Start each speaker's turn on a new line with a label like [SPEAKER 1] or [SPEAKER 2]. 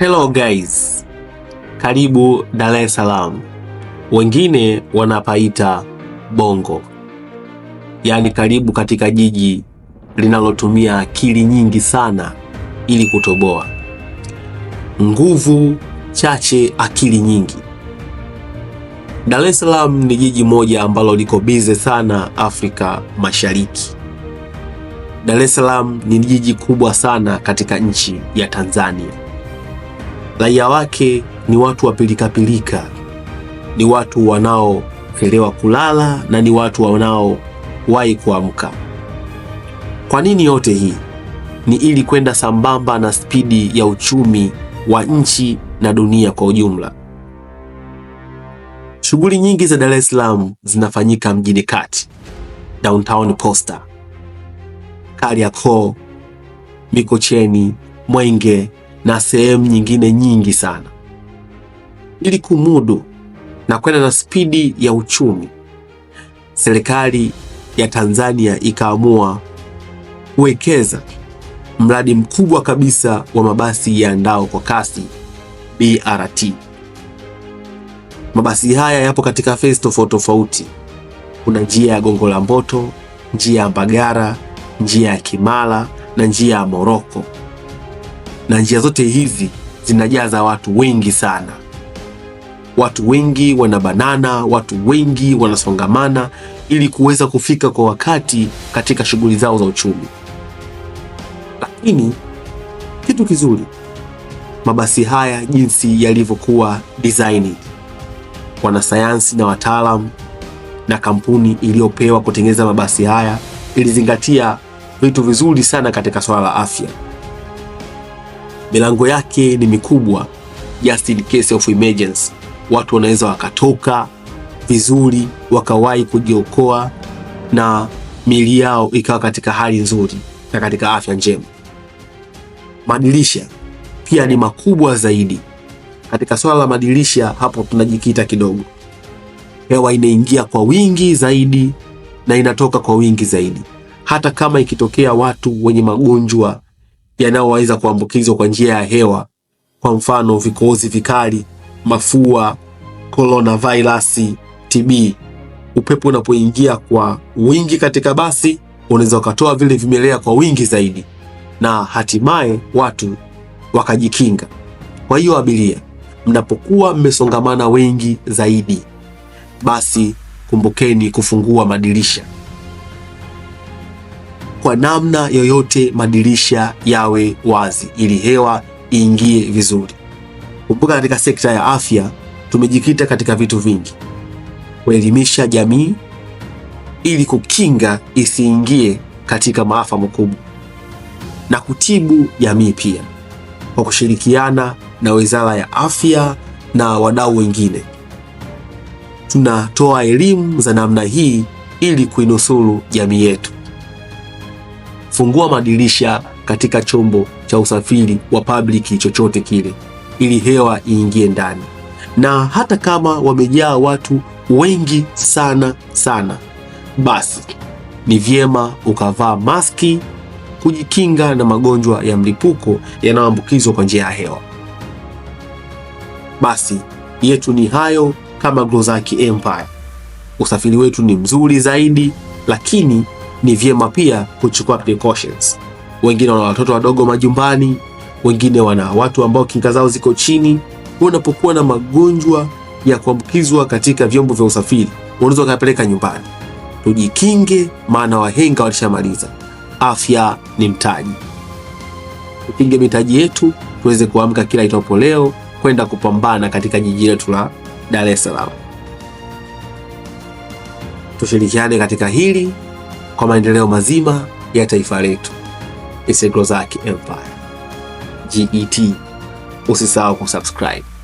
[SPEAKER 1] Hello guys, karibu Dar es Salaam, wengine wanapaita Bongo, yaani karibu katika jiji linalotumia akili nyingi sana ili kutoboa nguvu chache, akili nyingi. Dar es Salaam ni jiji moja ambalo liko bize sana Afrika Mashariki. Dar es Salaam ni jiji kubwa sana katika nchi ya Tanzania. Raia wake ni watu wa pilikapilika, ni watu wanaochelewa kulala na ni watu wanaowahi kuamka. Kwa nini yote hii? Ni ili kwenda sambamba na spidi ya uchumi wa nchi na dunia kwa ujumla. Shughuli nyingi za Dar es Salaam zinafanyika mjini kati, Downtown Posta, Kariakoo, Mikocheni, Mwenge na sehemu nyingine nyingi sana. Ili kumudu na kwenda na spidi ya uchumi, serikali ya Tanzania ikaamua kuwekeza mradi mkubwa kabisa wa mabasi yaendao kwa kasi BRT. Mabasi haya yapo katika fesi tofauti tofauti. Kuna njia ya Gongo la Mboto, njia ya Mbagara, njia ya Kimara na njia ya Moroko na njia zote hizi zinajaza watu wengi sana. Watu wengi wanabanana, watu wengi wanasongamana ili kuweza kufika kwa wakati katika shughuli zao za uchumi. Lakini kitu kizuri, mabasi haya jinsi yalivyokuwa design, wanasayansi na wataalamu na kampuni iliyopewa kutengeneza mabasi haya ilizingatia vitu vizuri sana katika swala la afya milango yake ni mikubwa, just in case of emergency. Watu wanaweza wakatoka vizuri wakawahi kujiokoa na miili yao ikawa katika hali nzuri na katika afya njema. Madirisha pia ni makubwa zaidi. Katika swala la madirisha, hapo tunajikita kidogo. Hewa inaingia kwa wingi zaidi na inatoka kwa wingi zaidi. Hata kama ikitokea watu wenye magonjwa yanayoweza kuambukizwa kwa njia ya hewa, kwa mfano vikohozi vikali, mafua, coronavirus, TB. Upepo unapoingia kwa wingi katika basi, unaweza ukatoa vile vimelea kwa wingi zaidi, na hatimaye watu wakajikinga. Kwa hiyo abiria, mnapokuwa mmesongamana wengi zaidi, basi kumbukeni kufungua madirisha kwa namna yoyote madirisha yawe wazi ili hewa iingie vizuri. Kumbuka, katika sekta ya afya tumejikita katika vitu vingi: kuelimisha jamii ili kukinga isiingie katika maafa makubwa na kutibu jamii pia kwa kushirikiana na Wizara ya Afya na wadau wengine. Tunatoa elimu za namna hii ili kuinusuru jamii yetu fungua madirisha katika chombo cha usafiri wa public chochote kile, ili hewa iingie ndani, na hata kama wamejaa watu wengi sana sana, basi ni vyema ukavaa maski kujikinga na magonjwa ya mlipuko yanayoambukizwa kwa njia ya hewa. Basi yetu ni hayo. Kama Glozack Empire, usafiri wetu ni mzuri zaidi, lakini ni vyema pia kuchukua precautions. Wengine wana watoto wadogo majumbani, wengine wana watu ambao kinga zao ziko chini. Unapokuwa na magonjwa ya kuambukizwa katika vyombo vya usafiri, unaweza ukapeleka nyumbani. Tujikinge, maana wahenga walishamaliza. Afya ni mtaji. Tupinge mitaji yetu tuweze kuamka kila itopo leo kwenda kupambana katika jiji letu la Dar es Salaam. Tushirikiane katika hili kwa maendeleo mazima ya taifa letu. Isegrozaki Empire. GET. Usisahau kusubscribe.